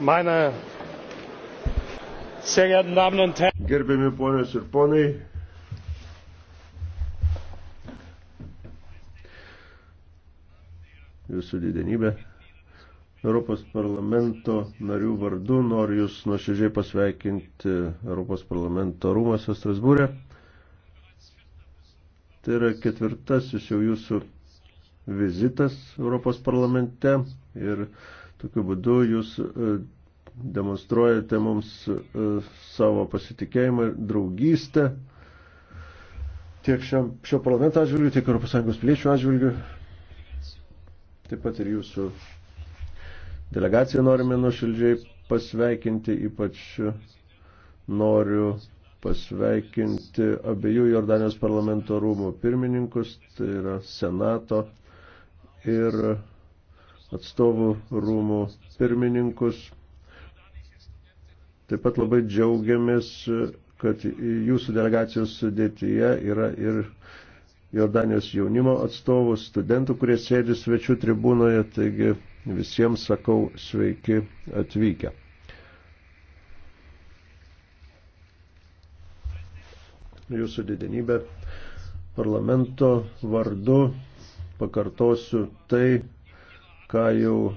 meine sehr geehrten Damen und Herren. Gerbiami ponios ir ponai. Jūsų didenybė. Europos parlamento narių vardu noriu Jūs nuoširdžiai pasveikinti Europos parlamento rūmose Strasbūrė. Tai yra ketvirtasis jau Jūsų vizitas Europos parlamente ir Tokiu būdu jūs e, demonstruojate mums e, savo pasitikėjimą ir draugystę tiek šiam, šio parlamento atžvilgiu, tiek ES piliečių atžvilgiu. Taip pat ir jūsų delegaciją norime nuoširdžiai pasveikinti, ypač noriu pasveikinti abiejų Jordanijos parlamento rūmų pirmininkus, tai yra Senato ir atstovų rūmų pirmininkus. Taip pat labai džiaugiamės, kad jūsų delegacijos sudėtyje yra ir Jordanijos jaunimo atstovų, studentų, kurie sėdi svečių tribūnoje, taigi visiems sakau sveiki atvykę. Jūsų didenybė parlamento vardu pakartosiu tai, ką jau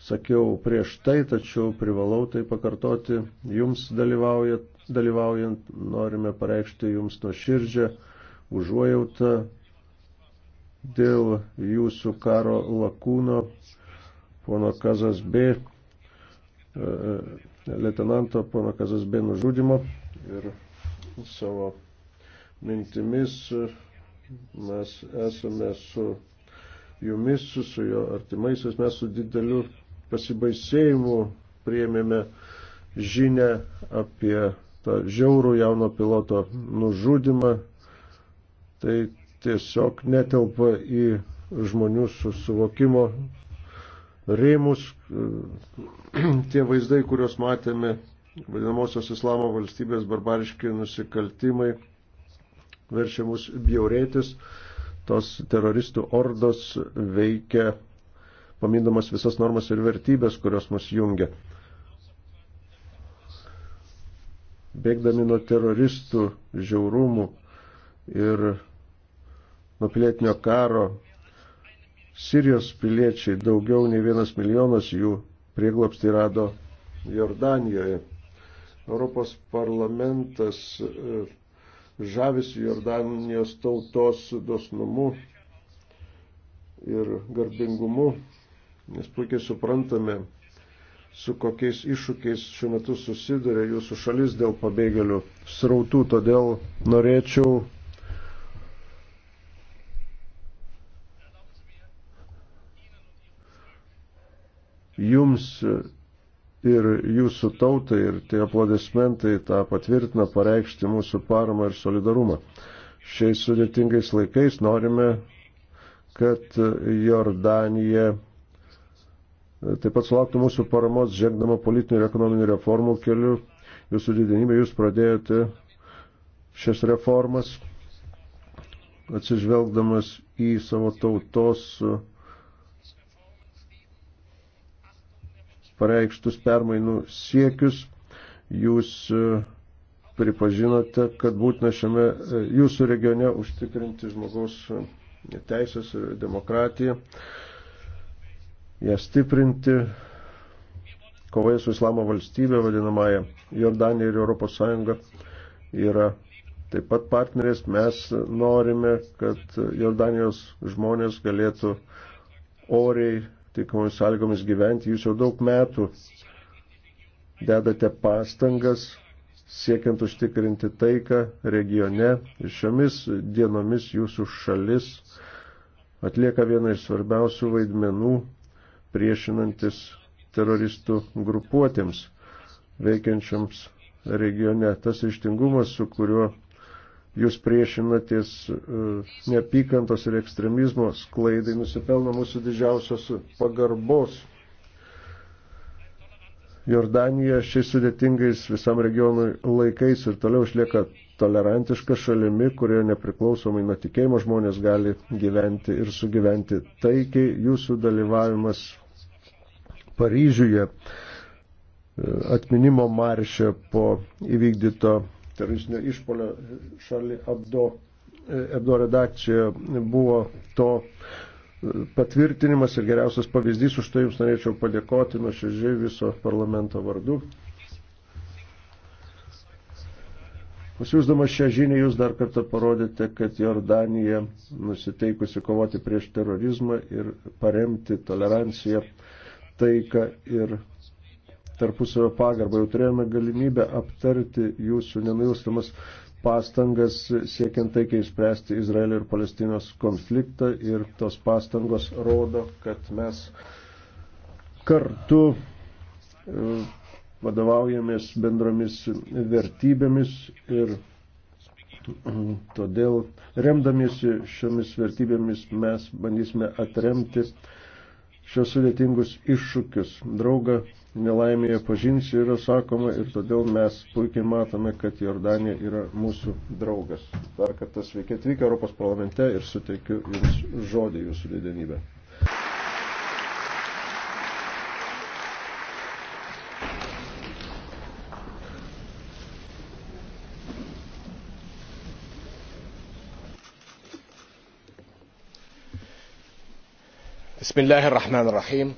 sakiau prieš tai, tačiau privalau tai pakartoti. Jums dalyvaujant, dalyvaujant norime pareikšti jums nuoširdžią užuojautą dėl jūsų karo lakūno, pono Kazas B, e, e, leitenanto pono Kazas B nužudimo ir savo mintimis Mes esame su jumis, su jo artimaisiais, mes su dideliu pasibaisėjimu priėmėme žinę apie tą žiaurų jauno piloto nužudimą. Tai tiesiog netelpa į žmonių susivokimo rėmus. Tie vaizdai, kuriuos matėme, vadinamosios islamo valstybės barbariški nusikaltimai verčia mus bjaurėtis. Tos teroristų ordos veikia, pamindamas visas normas ir vertybės, kurios mus jungia. Bėgdami nuo teroristų žiaurumų ir nuo pilietinio karo, Sirijos piliečiai daugiau nei vienas milijonas jų prieglopsti rado Jordanijoje. Europos parlamentas e, žavisi Jordanijos tautos dosnumu ir garbingumu, nes puikiai suprantame, su kokiais iššūkiais šiuo metu susiduria jūsų šalis dėl pabėgėlių srautų. Todėl norėčiau jums ir jūsų tautai, ir tie aplodismentai tą patvirtina pareikšti mūsų paramą ir solidarumą. Šiais sudėtingais laikais norime, kad Jordanija taip pat sulauktų mūsų paramos žengdama politinių ir ekonominių reformų keliu. Jūsų didinybė, jūs pradėjote šias reformas atsižvelgdamas į savo tautos pareikštus permainų siekius. Jūs e, pripažinote, kad būtina šiame e, jūsų regione užtikrinti žmogaus e, teisės ir demokratiją, ją stiprinti, kovoje su islamo valstybė vadinamąją Jordanija ir Europos Sąjunga yra taip pat partnerės. Mes norime, kad Jordanijos žmonės galėtų oriai tikamomis sąlygomis gyventi. Jūs jau daug metų dedate pastangas siekiant užtikrinti taiką regione. Ir šiomis dienomis jūsų šalis atlieka vieną iš svarbiausių vaidmenų priešinantis teroristų grupuotėms veikiančiams regione. Tas ištingumas, su kuriuo jūs priešinatės e, neapykantos ir ekstremizmo sklaidai, nusipelno mūsų didžiausios pagarbos. Jordanija šiais sudėtingais visam regionui laikais ir toliau išlieka tolerantiška šalimi, kurioje nepriklausomai nuo tikėjimo žmonės gali gyventi ir sugyventi taikiai. Jūsų dalyvavimas Paryžiuje e, atminimo maršė po įvykdyto teroristinio išpolio šalį Abdo, e, Abdo redakcijoje buvo to e, patvirtinimas ir geriausias pavyzdys. Už tai jums norėčiau padėkoti nuoširdžiai viso parlamento vardu. Pasiūsdamas šią žinią jūs dar kartą parodėte, kad Jordanija nusiteikusi kovoti prieš terorizmą ir paremti toleranciją, taiką ir tarpusavio pagarbą. Jau turėjome galimybę aptarti jūsų nenuilstamas pastangas siekiant taikiai spręsti Izraelio ir Palestinos konfliktą ir tos pastangos rodo, kad mes kartu e, vadovaujamės bendromis vertybėmis ir todėl remdamiesi šiomis vertybėmis mes bandysime atremti šios sudėtingus iššūkius. Draugą nelaimėje pažins yra sakoma ir todėl mes puikiai matome, kad Jordanija yra mūsų draugas. Dar kartą sveiki atvykę Europos parlamente ir suteikiu Jums žodį Jūsų didenybę. بسم الله الرحمن الرحيم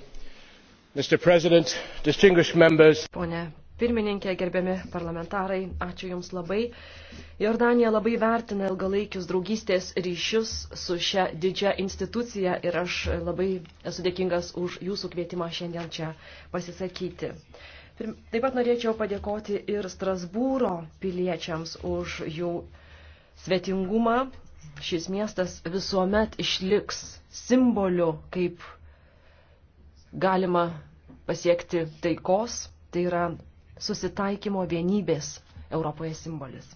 Pone pirmininkė, gerbiami parlamentarai, ačiū Jums labai. Jordanija labai vertina ilgalaikius draugystės ryšius su šia didžia institucija ir aš labai esu dėkingas už Jūsų kvietimą šiandien čia pasisakyti. Taip pat norėčiau padėkoti ir Strasbūro piliečiams už jų svetingumą. Šis miestas visuomet išliks simboliu, kaip galima pasiekti taikos, tai yra susitaikymo vienybės Europoje simbolis.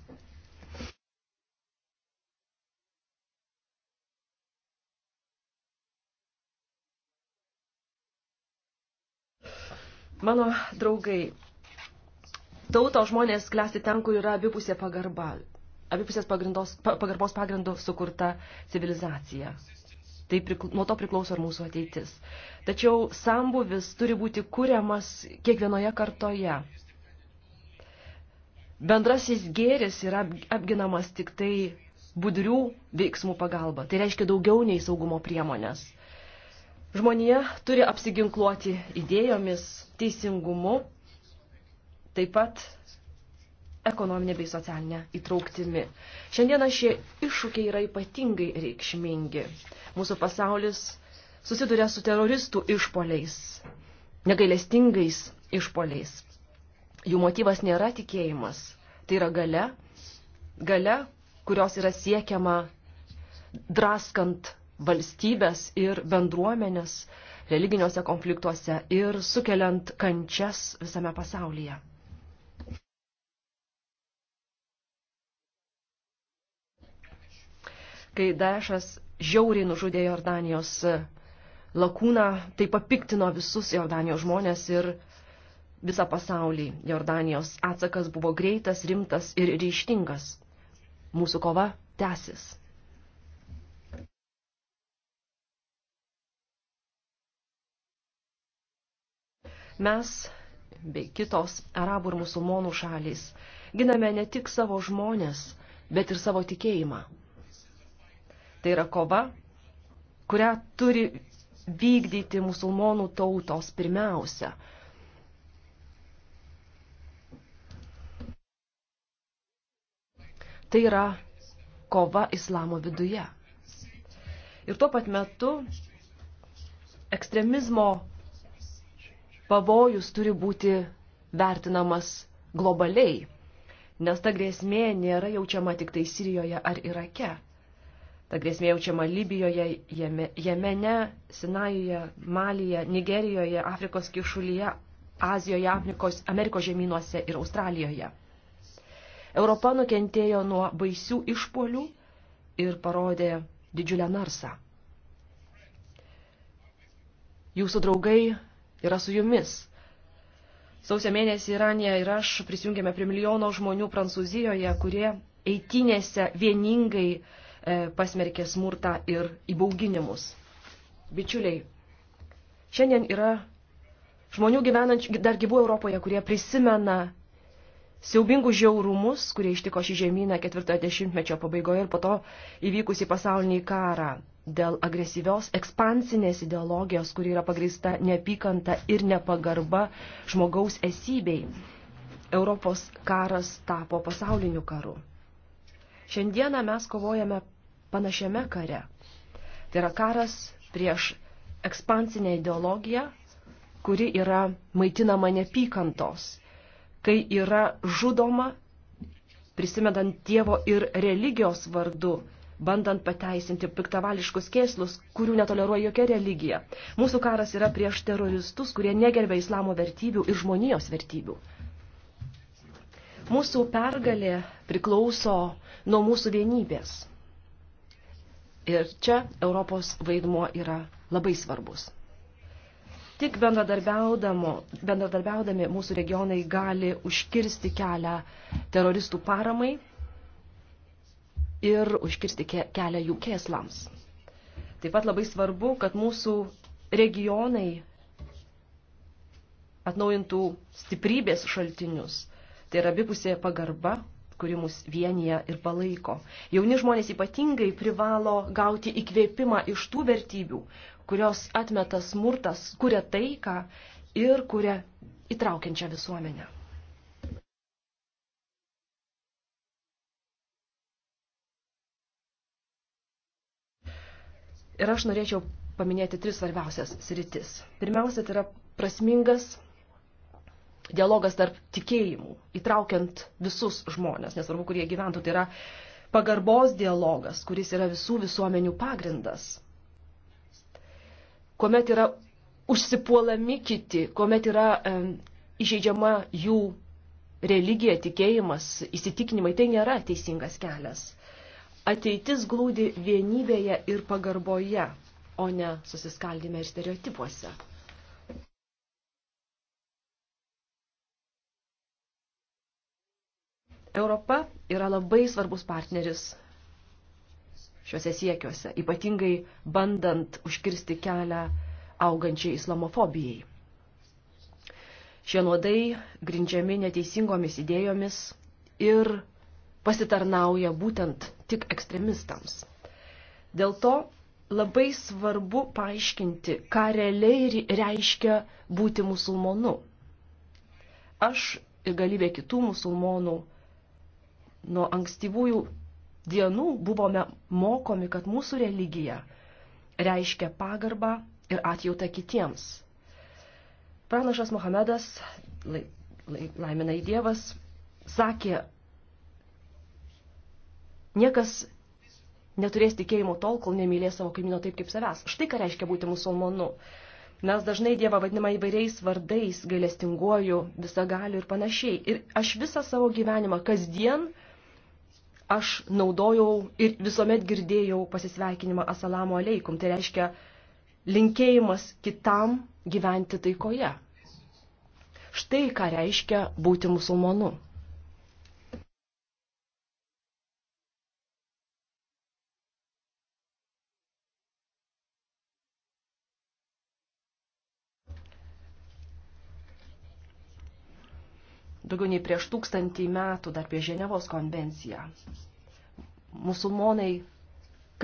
Mano draugai, tauto žmonės klesti ten, kur yra abipusė pagarba, abipusės pagrindos, pagarbos pagrindų sukurta civilizacija tai prikl... nuo to priklauso ir mūsų ateitis. Tačiau sambuvis turi būti kuriamas kiekvienoje kartoje. Bendrasis gėris yra apginamas tik tai budrių veiksmų pagalba. Tai reiškia daugiau nei saugumo priemonės. Žmonija turi apsiginkluoti idėjomis, teisingumu, taip pat ekonominė bei socialinė įtrauktimi. Šiandieną šie iššūkiai yra ypatingai reikšmingi. Mūsų pasaulis susiduria su teroristų išpoliais, negailestingais išpoliais. Jų motyvas nėra tikėjimas, tai yra gale, gale, kurios yra siekiama draskant valstybės ir bendruomenės religiniuose konfliktuose ir sukeliant kančias visame pasaulyje. kai Daešas žiauriai nužudė Jordanijos e, lakūną, tai papiktino visus Jordanijos žmonės ir visą pasaulį. Jordanijos atsakas buvo greitas, rimtas ir ryštingas. Mūsų kova tęsis. Mes bei kitos arabų ir musulmonų šalys giname ne tik savo žmonės, bet ir savo tikėjimą. Tai yra kova, kurią turi vykdyti musulmonų tautos pirmiausia. Tai yra kova islamo viduje. Ir tuo pat metu ekstremizmo pavojus turi būti vertinamas globaliai, nes ta grėsmė nėra jaučiama tik tai Sirijoje ar Irake. Ta grėsmė jaučiama Libijoje, jame, Jemene, Sinajuje, Malyje, Nigerijoje, Afrikos kišulyje, Azijoje, Afrikos, Amerikos žemynuose ir Australijoje. Europa nukentėjo nuo baisių išpolių ir parodė didžiulę narsą. Jūsų draugai yra su jumis. Sausio mėnesį Iranija ir aš prisijungėme prie milijono žmonių Prancūzijoje, kurie eitinėse vieningai uh, E, pasmerkė smurtą ir įbauginimus. Bičiuliai, šiandien yra žmonių gyvenančių dar gyvų Europoje, kurie prisimena siaubingus žiaurumus, kurie ištiko šį žemyną ketvirtojo dešimtmečio pabaigoje ir po to įvykusi pasaulinį karą dėl agresyvios ekspansinės ideologijos, kuri yra pagrįsta neapykanta ir nepagarba žmogaus esybei. Europos karas tapo pasauliniu karu. Šiandieną mes kovojame panašiame kare. Tai yra karas prieš ekspansinę ideologiją, kuri yra maitinama nepykantos, kai yra žudoma, prisimedant Dievo ir religijos vardu bandant pateisinti piktavališkus kėslus, kurių netoleruoja jokia religija. Mūsų karas yra prieš teroristus, kurie negerbia islamo vertybių ir žmonijos vertybių. Mūsų pergalė priklauso nuo mūsų vienybės. Ir čia Europos vaidmuo yra labai svarbus. Tik bendradarbiaudami mūsų regionai gali užkirsti kelią teroristų paramai ir užkirsti kelią jų kėslams. Taip pat labai svarbu, kad mūsų regionai atnaujintų stiprybės šaltinius. Tai yra abipusė pagarba kuri mus vienyje ir palaiko. Jauni žmonės ypatingai privalo gauti įkvėpimą iš tų vertybių, kurios atmeta smurtas, kuria taiką ir kuria įtraukiančią visuomenę. Ir aš norėčiau paminėti tris svarbiausias sritis. Pirmiausia, tai yra prasmingas dialogas tarp tikėjimų, įtraukiant visus žmonės, nesvarbu, kurie gyventų, tai yra pagarbos dialogas, kuris yra visų visuomenių pagrindas. Kuomet yra užsipuolami kiti, kuomet yra e, įžeidžiama jų religija, tikėjimas, įsitikinimai, tai nėra teisingas kelias. Ateitis glūdi vienybėje ir pagarboje, o ne susiskaldime ir stereotipuose. Europa yra labai svarbus partneris šiuose siekiuose, ypatingai bandant užkirsti kelią augančiai islamofobijai. Šie nuodai grindžiami neteisingomis idėjomis ir pasitarnauja būtent tik ekstremistams. Dėl to labai svarbu paaiškinti, ką realiai reiškia būti musulmonu. Aš ir galybė kitų musulmonų nuo ankstyvųjų dienų buvome mokomi, kad mūsų religija reiškia pagarbą ir atjautą kitiems. Pranašas Mohamedas, lai, lai, laiminai Dievas, sakė, niekas neturės tikėjimo tol, kol nemylės savo kaimyno taip kaip savęs. Štai ką reiškia būti musulmonu. Mes dažnai Dievą vadiname įvairiais vardais, gailestinguoju, visagaliu ir panašiai. Ir aš visą savo gyvenimą kasdien uh, aš naudojau ir visuomet girdėjau pasisveikinimą Asalamo aleikum. Tai reiškia linkėjimas kitam gyventi taikoje. Štai ką reiškia būti musulmonu. daugiau nei prieš tūkstantį metų, dar prieš Ženevos konvenciją. Musulmonai,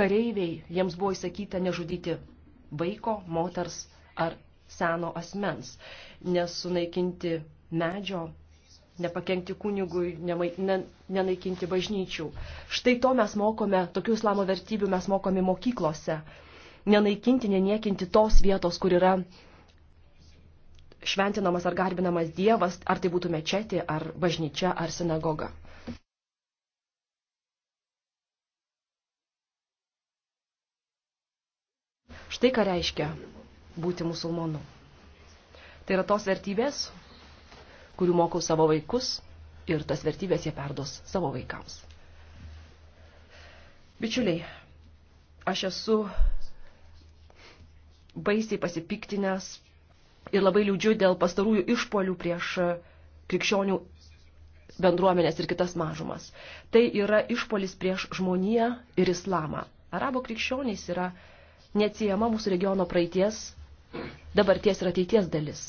kareiviai, jiems buvo įsakyta nežudyti vaiko, moters ar seno asmens, nesunaikinti medžio, nepakengti kunigui, nenaikinti bažnyčių. Štai to mes mokome, tokių islamo vertybių mes mokome mokyklose. Nenaikinti, neniekinti tos vietos, kur yra šventinamas ar garbinamas Dievas, ar tai būtų mečetė, ar bažnyčia, ar sinagoga. Štai ką reiškia būti musulmonu. Tai yra tos vertybės, kurių mokau savo vaikus ir tas vertybės jie perdos savo vaikams. Bičiuliai, aš esu baisiai pasipiktinęs ir labai liūdžiu dėl pastarųjų išpolių prieš krikščionių bendruomenės ir kitas mažumas. Tai yra išpolis prieš žmoniją ir islamą. Arabo krikščionys yra neatsijama mūsų regiono praeities, dabarties ir ateities dalis.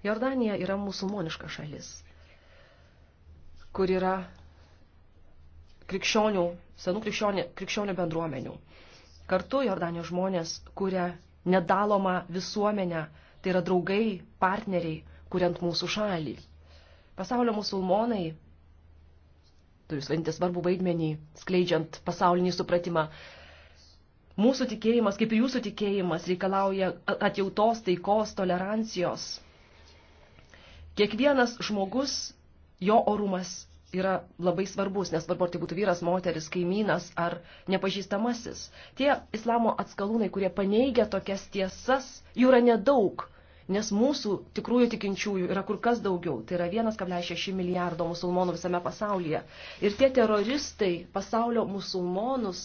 Jordanija yra musulmoniška šalis, kur yra krikščionių, senų krikščionių, krikščionių bendruomenių. Kartu Jordanijos žmonės kuria nedalomą visuomenę, tai yra draugai, partneriai, kuriant mūsų šalį. Pasaulio musulmonai turi suvaidinti svarbų vaidmenį, skleidžiant pasaulinį supratimą. Mūsų tikėjimas, kaip ir jūsų tikėjimas, reikalauja atjautos, taikos, tolerancijos. Kiekvienas žmogus, jo orumas yra labai svarbus, nesvarbu, ar tai būtų vyras, moteris, kaimynas ar nepažįstamasis. Tie islamo atskalūnai, kurie paneigia tokias tiesas, jų yra nedaug, nes mūsų tikrųjų tikinčiųjų yra kur kas daugiau. Tai yra 1,6 milijardo musulmonų visame pasaulyje. Ir tie teroristai pasaulio musulmonus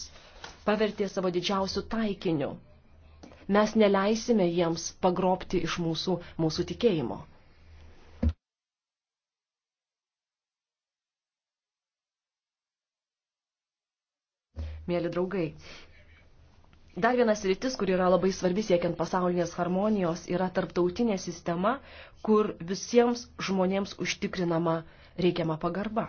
pavertė savo didžiausių taikiniu. Mes neleisime jiems pagrobti iš mūsų mūsų tikėjimo. mėly draugai. Dar vienas rytis, kur yra labai svarbi siekiant pasaulinės harmonijos, yra tarptautinė sistema, kur visiems žmonėms užtikrinama reikiama pagarba.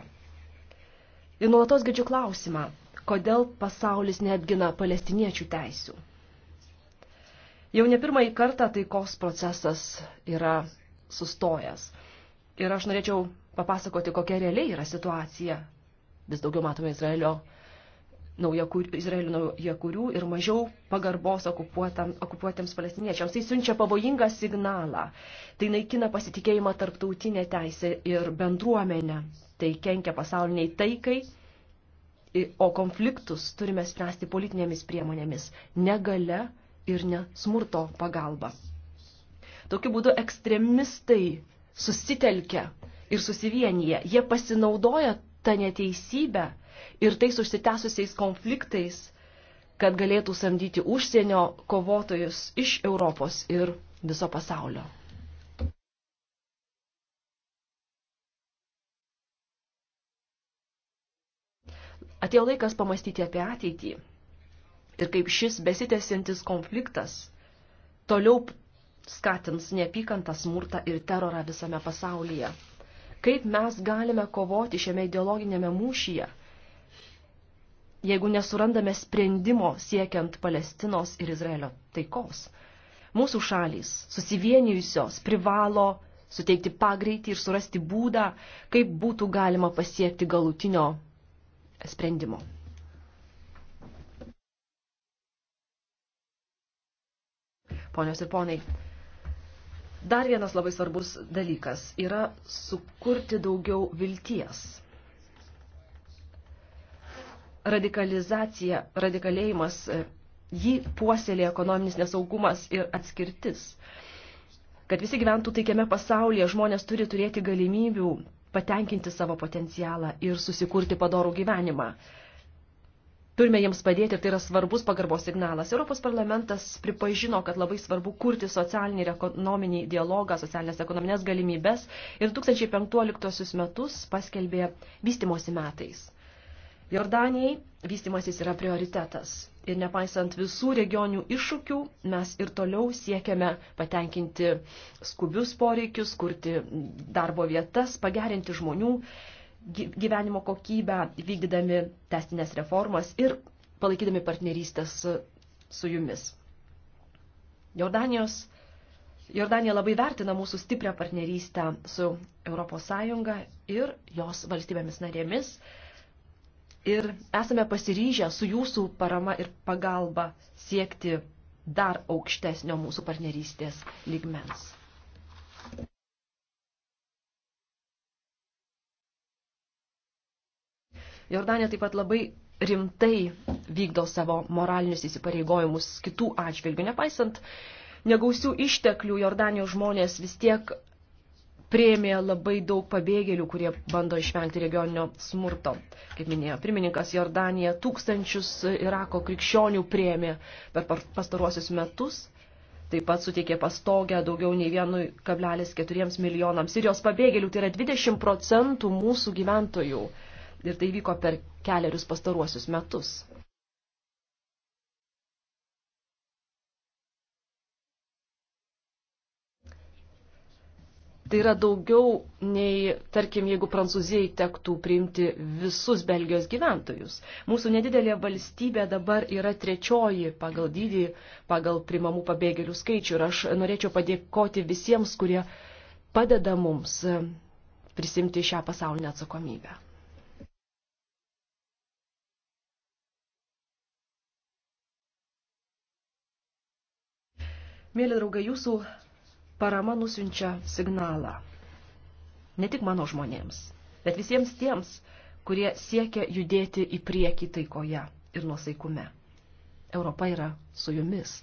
Ir nuolatos girdžiu klausimą, kodėl pasaulis neatgina palestiniečių teisių. Jau ne pirmąjį kartą taikos procesas yra sustojęs. Ir aš norėčiau papasakoti, kokia realiai yra situacija. Vis daugiau matome Izraelio naujakurių, Izraelio naujakurių ir mažiau pagarbos okupuotiems palestiniečiams. Tai siunčia pavojingą signalą. Tai naikina pasitikėjimą tarptautinę teisę ir bendruomenę. Tai kenkia pasauliniai taikai, o konfliktus turime spręsti politinėmis priemonėmis, negale ir ne smurto pagalba. Tokiu būdu ekstremistai susitelkia ir susivienyje. Jie pasinaudoja tą neteisybę ir tais užsitęsusiais konfliktais, kad galėtų samdyti užsienio kovotojus iš Europos ir viso pasaulio. Atėjo laikas pamastyti apie ateitį ir kaip šis besitęsiantis konfliktas toliau skatins neapykantą smurtą ir terorą visame pasaulyje. Kaip mes galime kovoti šiame ideologinėme mūšyje, jeigu nesurandame sprendimo siekiant Palestinos ir Izraelio taikos. Mūsų šalys, susivienijusios, privalo suteikti pagreitį ir surasti būdą, kaip būtų galima pasiekti galutinio sprendimo. Ponios ir ponai, dar vienas labai svarbus dalykas yra sukurti daugiau vilties radikalizacija, radikalėjimas, e, jį puoselė ekonominis nesaugumas ir atskirtis. Kad visi gyventų taikiame pasaulyje, žmonės turi turėti galimybių patenkinti savo potencialą ir susikurti padorų gyvenimą. Turime jiems padėti ir tai yra svarbus pagarbos signalas. Europos parlamentas pripažino, kad labai svarbu kurti socialinį ir ekonominį dialogą, socialinės ekonominės galimybės ir 2015 metus paskelbė vystimosi metais. Jordanijai vystimasis yra prioritetas. Ir nepaisant visų regionių iššūkių, mes ir toliau siekiame patenkinti skubius poreikius, kurti darbo vietas, pagerinti žmonių gyvenimo kokybę, vykdydami testinės reformas ir palaikydami partnerystės su jumis. Jordanijos, Jordanija labai vertina mūsų stiprią partnerystę su ES ir jos valstybėmis narėmis ir esame pasiryžę su jūsų parama ir pagalba siekti dar aukštesnio mūsų partnerystės lygmens. Jordanija taip pat labai rimtai vykdo savo moralinius įsipareigojimus kitų atžvilgių. Nepaisant negausių išteklių, Jordanijos žmonės vis tiek prieimė labai daug pabėgėlių, kurie bando išvengti regioninio smurto. Kaip minėjo pirmininkas Jordanija, tūkstančius Irako krikščionių prieimė per pastaruosius metus. Taip pat suteikė pastogę daugiau nei 1,4 milijonams Sirijos pabėgėlių, tai yra 20 procentų mūsų gyventojų. Ir tai vyko per keliarius pastaruosius metus. tai yra daugiau nei, tarkim, jeigu Prancūzijai tektų priimti visus Belgijos gyventojus. Mūsų nedidelė valstybė dabar yra trečioji pagal dydį, pagal primamų pabėgėlių skaičių. Ir aš norėčiau padėkoti visiems, kurie padeda mums e, prisimti šią pasaulinę atsakomybę. Mėly draugai, jūsų parama nusinčia signalą. Ne tik mano žmonėms, bet visiems tiems, kurie siekia judėti į priekį taikoje ir nuosaikume. Europa yra su jumis.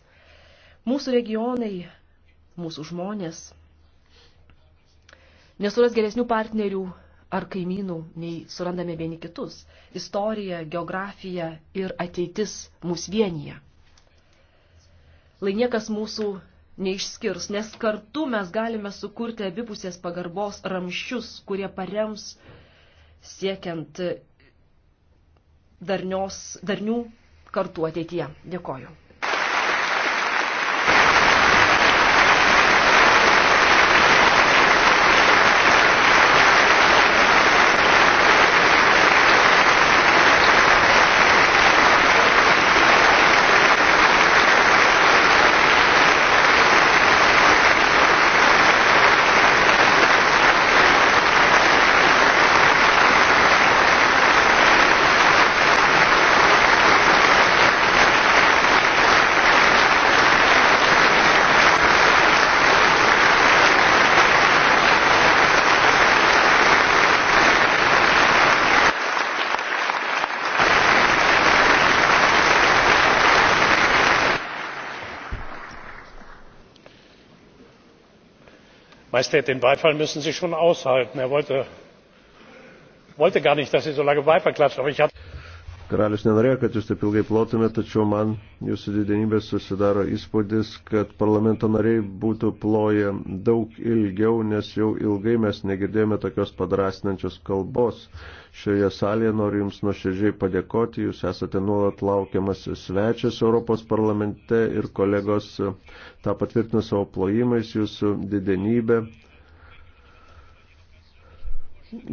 Mūsų regionai, mūsų žmonės nesuras geresnių partnerių ar kaimynų, nei surandame vieni kitus. Istorija, geografija ir ateitis mūsų vienyje. Lai niekas mūsų neišskirs, nes kartu mes galime sukurti abipusės pagarbos ramščius, kurie parems siekiant darnios, darnių kartų ateityje. Dėkoju. majestät den beifall müssen sie schon aushalten. er wollte gar nicht dass sie so lange beifall klatschen. Karalius nenorėjo, kad jūs taip ilgai plotume, tačiau man jūsų didenybė susidaro įspūdis, kad parlamento nariai būtų ploję daug ilgiau, nes jau ilgai mes negirdėjome tokios padrasinančios kalbos. Šioje salėje noriu Jums nuoširdžiai padėkoti, Jūs esate nuolat laukiamas svečias Europos parlamente ir kolegos tą patvirtino savo plojimais, Jūsų didenybė.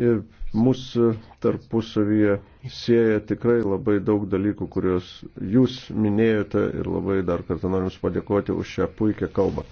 Ir Mūsų tarpusavyje sieja tikrai labai daug dalykų, kuriuos jūs minėjote ir labai dar kartą norim padėkoti už šią puikią kalbą.